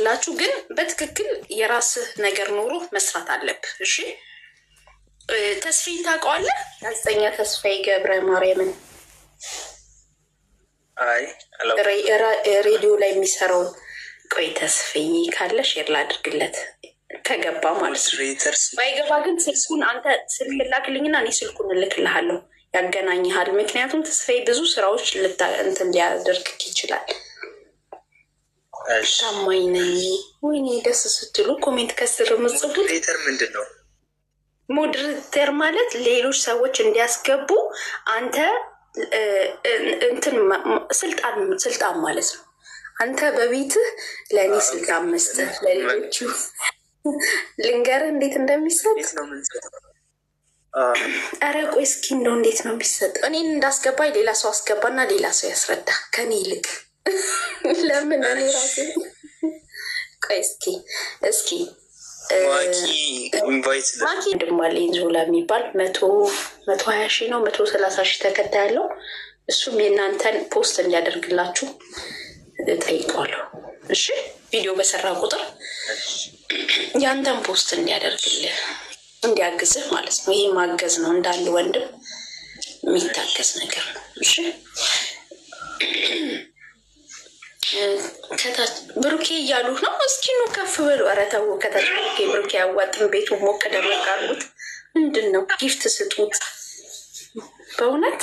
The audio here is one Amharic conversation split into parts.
አልፈቅድላችሁ፣ ግን በትክክል የራስህ ነገር ኖሮ መስራት አለብህ። እሺ ተስፋዬ ታውቀዋለህ? ጋዜጠኛ ተስፋዬ ገብረ ማርያምን ሬዲዮ ላይ የሚሰራው ቆይ ተስፋዬ ካለ ሼር ላድርግለት ከገባ ማለት ነው። ባይገባ ግን ስልኩን አንተ ስልክ ላክልኝና እኔ ስልኩን እልክልሃለሁ፣ ያገናኝሃል። ምክንያቱም ተስፋዬ ብዙ ስራዎች እንትን ሊያደርግ ይችላል። ታማኝ ነኝ። ወይኔ ደስ ስትሉ ኮሜንት ከስር ምጽፉት። ሞዴሬተር ምንድን ነው? ሞዴሬተር ማለት ሌሎች ሰዎች እንዲያስገቡ አንተ እንትን ስልጣን ስልጣን ማለት ነው። አንተ በቤትህ ለእኔ ስልጣን መስጠት ለሌሎቹ ልንገር እንዴት እንደሚሰጥ ኧረ ቆይ እስኪ እንደው እንዴት ነው የሚሰጠው እኔን እንዳስገባኝ ሌላ ሰው አስገባና ሌላ ሰው ያስረዳ ከኔ ይልቅ ለምን እኔ ራሴ ቆይ እስኪ እስኪ ማኪ ድማሌን ዞላ የሚባል መቶ መቶ ሀያ ሺህ ነው መቶ ሰላሳ ሺህ ተከታይ ያለው እሱም የእናንተን ፖስት እንዲያደርግላችሁ ጠይቀዋለሁ። እሺ ቪዲዮ በሰራ ቁጥር ያንተን ፖስት እንዲያደርግልህ እንዲያግዝህ ማለት ነው። ይህ ማገዝ ነው፣ እንዳንድ ወንድም የሚታገዝ ነገር ነው። እሺ ብሩኬ እያሉ ነው። እስኪኑ ከፍ በሉ። ኧረ ተው ከታች ብሩኬ ብሩኬ ያዋጥን። ቤቱ ሞቅ ደረቅ አድርጉት። ምንድን ነው ጊፍት ስጡት። በእውነት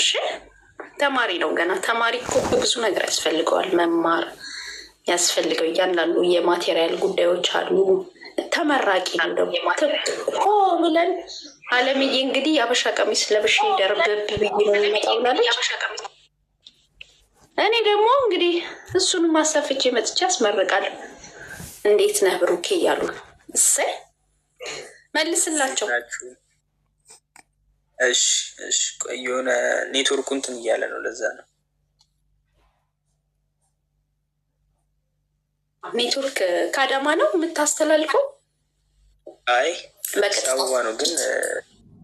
እሺ። ተማሪ ነው ገና። ተማሪ እኮ ብዙ ነገር ያስፈልገዋል። መማር ያስፈልገው እያንዳንዱ የማቴሪያል ጉዳዮች አሉ። ተመራቂ ነው ብለን አለምዬ እንግዲህ የአበሻ ቀሚስ ለብሼ ደርብብ ብዬ ነው የመጣው እኔ ደግሞ እንግዲህ እሱን ማሳፍቼ መጥቼ አስመርቃለሁ። እንዴት ነህ ብሩኬ እያሉ ነው። እሰይ መልስላቸው። እሺ እሺ፣ ቆይ የሆነ ኔትወርኩ እንትን እያለ ነው፣ ለዛ ነው ኔትወርክ። ከአዳማ ነው የምታስተላልፈው? አይ አበባ ነው ግን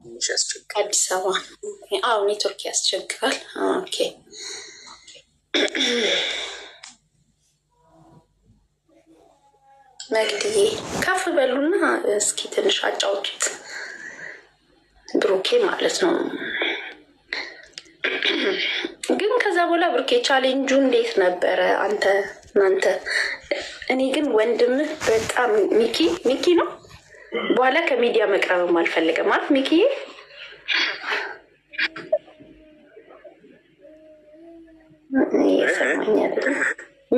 ትንሽ ያስቸግራል። አዲስ አበባ አዎ፣ ኔትወርክ ያስቸግራል። ኦኬ መግድዬ ከፍ በሉና እስኪ ትንሽ አጫውቱት ብሩኬ ማለት ነው። ግን ከዛ በኋላ ብሩኬ ቻሌንጁ እንዴት ነበረ? አንተ እናንተ እኔ ግን ወንድምህ በጣም ሚኪ ሚኪ ነው በኋላ ከሚዲያ መቅረብም አልፈልግም። ማለት ሚኪዬ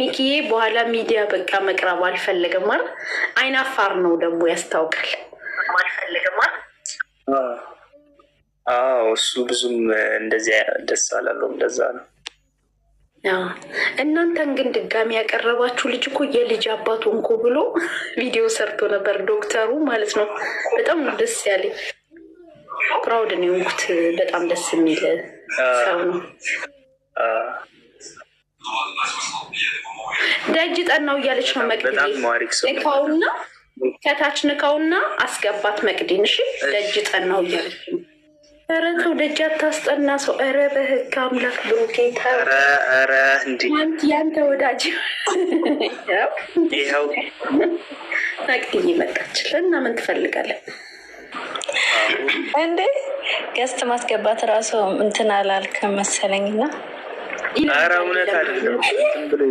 ሚኪዬ በኋላ ሚዲያ በቃ መቅረብ አልፈለገም። ማለት አይን አፋር ነው ደግሞ ያስታውቃል። አልፈለገም እሱ ብዙም እንደዚያ ደስ አላለውም። እንደዛ ነው እናንተን ግን ድጋሚ ያቀረባችሁ ልጅ እኮ የልጅ አባቱ እንኮ ብሎ ቪዲዮ ሰርቶ ነበር ዶክተሩ ማለት ነው። በጣም ደስ ያለ ፕራውድ ነው የሆንኩት። በጣም ደስ የሚል ሰው ነው። ደጅ ጠናው እያለች ነው መቅዲ ንካውና ከታች ንካውና አስገባት መቅዲን። እሺ ደጅ ጠናው እያለች ነው ኧረ ተው ደጅ አታስጠና ሰው። ኧረ በህግ አምላክ ብሩኬ ያንተ ወዳጅ ይኸው አቅድዬ እና ምን ትፈልጋለን እንዴ? ገስት ማስገባት ራሱ እንትን አላልክም መሰለኝ እና ኧረ እውነት አይደለም ብሎ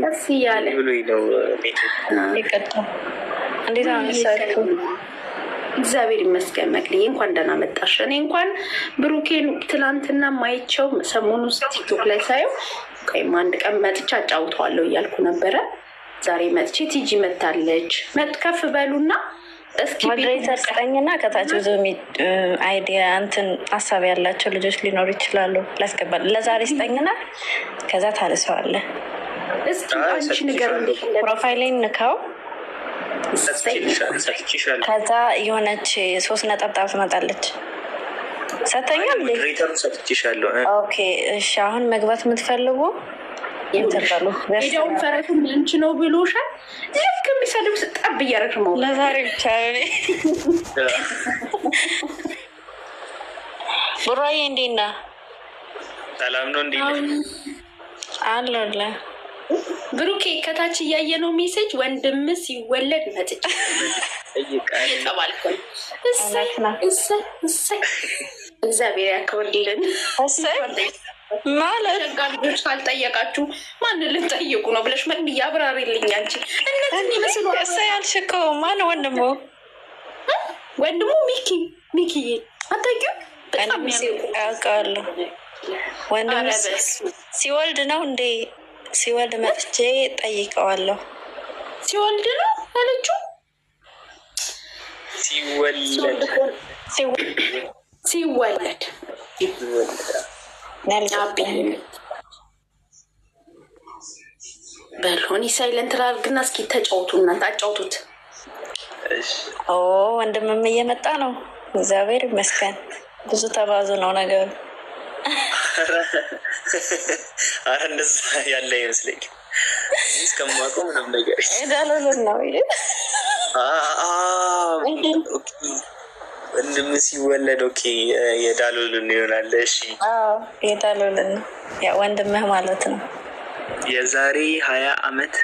እንዴት ነው እግዚአብሔር ይመስገን መቅድዬ፣ እንኳን ደህና መጣሽ። እኔ እንኳን ብሩኬን ትላንትና ማይቸው ሰሞኑ ቲክቶክ ላይ ሳየው ወይም አንድ ቀን መጥቼ አጫውተዋለሁ እያልኩ ነበረ። ዛሬ መጥቼ ቲጂ መታለች። መጥከፍ በሉና እስኪ ሞዴሬተር ቀኝና ከታች ብዙ አይዲያ እንትን ሀሳብ ያላቸው ልጆች ሊኖሩ ይችላሉ። ላስገባል ለዛሬ ስጠኝና ከዛ ታልሰዋለህ። እስኪ አንቺ ንገር ፕሮፋይሌን ንካው ከዛ የሆነች ሶስት ነጠብጣብ ትመጣለች። ሰተኛል እሺ። አሁን መግባት የምትፈልጉ ሄደውን ፈረሱን ምንች ነው ብሎሻል። ልክ የሚሰልም ስጠብ እያደረግሽ ነው። ለዛሬ ብቻ ቡራዬ፣ እንዴት ነህ? ሰላም ነው። እንዴት ነህ? አለሁልህ ብሩኬ ከታች እያየ ነው ሜሴጅ ወንድም ሲወለድ መጥቼ ተባልኩኝ። እግዚአብሔር ያክብርልን ማለት ጋ ካልጠየቃችሁ ማን ልንጠይቁ ነው ብለሽ መን አብራሪልኝ። አንቺ እነዚህ ያልሽ እኮ ማን ወንድሞ ወንድሞ ሚኪ ሚኪዬ አታቂ በጣም ያውቃለሁ። ወንድሙ ሲወልድ ነው እንዴ ሲወልድ መጥቼ ጠይቀዋለሁ። ሲወልድ ነው አለችው። ሲወለድ በልሆን ሳይለንት ላርግና እስኪ ተጫውቱ እናንተ አጫውቱት። ወንድምም እየመጣ ነው። እግዚአብሔር ይመስገን ብዙ ተባዙ ነው ነገሩ። አረ እንደዛ ያለ ይመስለኝ እስከማውቀው ምንም ነገር ዳሎሎን ነው ወንድም ሲወለድ ኦኬ፣ የዳሎልን ይሆናል። እሺ የዳሎልን ያ ወንድምህ ማለት ነው። የዛሬ ሀያ አመት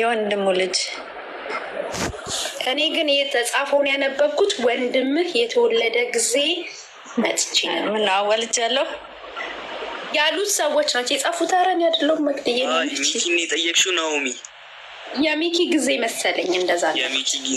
የወንድሙ ልጅ እኔ ግን የተጻፈውን ያነበብኩት ወንድምህ የተወለደ ጊዜ መጥቼ ምን አወልጃለሁ ያሉት ሰዎች ናቸው የጻፉት። አረን እኔ አይደለሁም መቅደዬ፣ የሚኪን የጠየቅሽው ናኦሚ የሚኪ ጊዜ መሰለኝ እንደዛ ነው።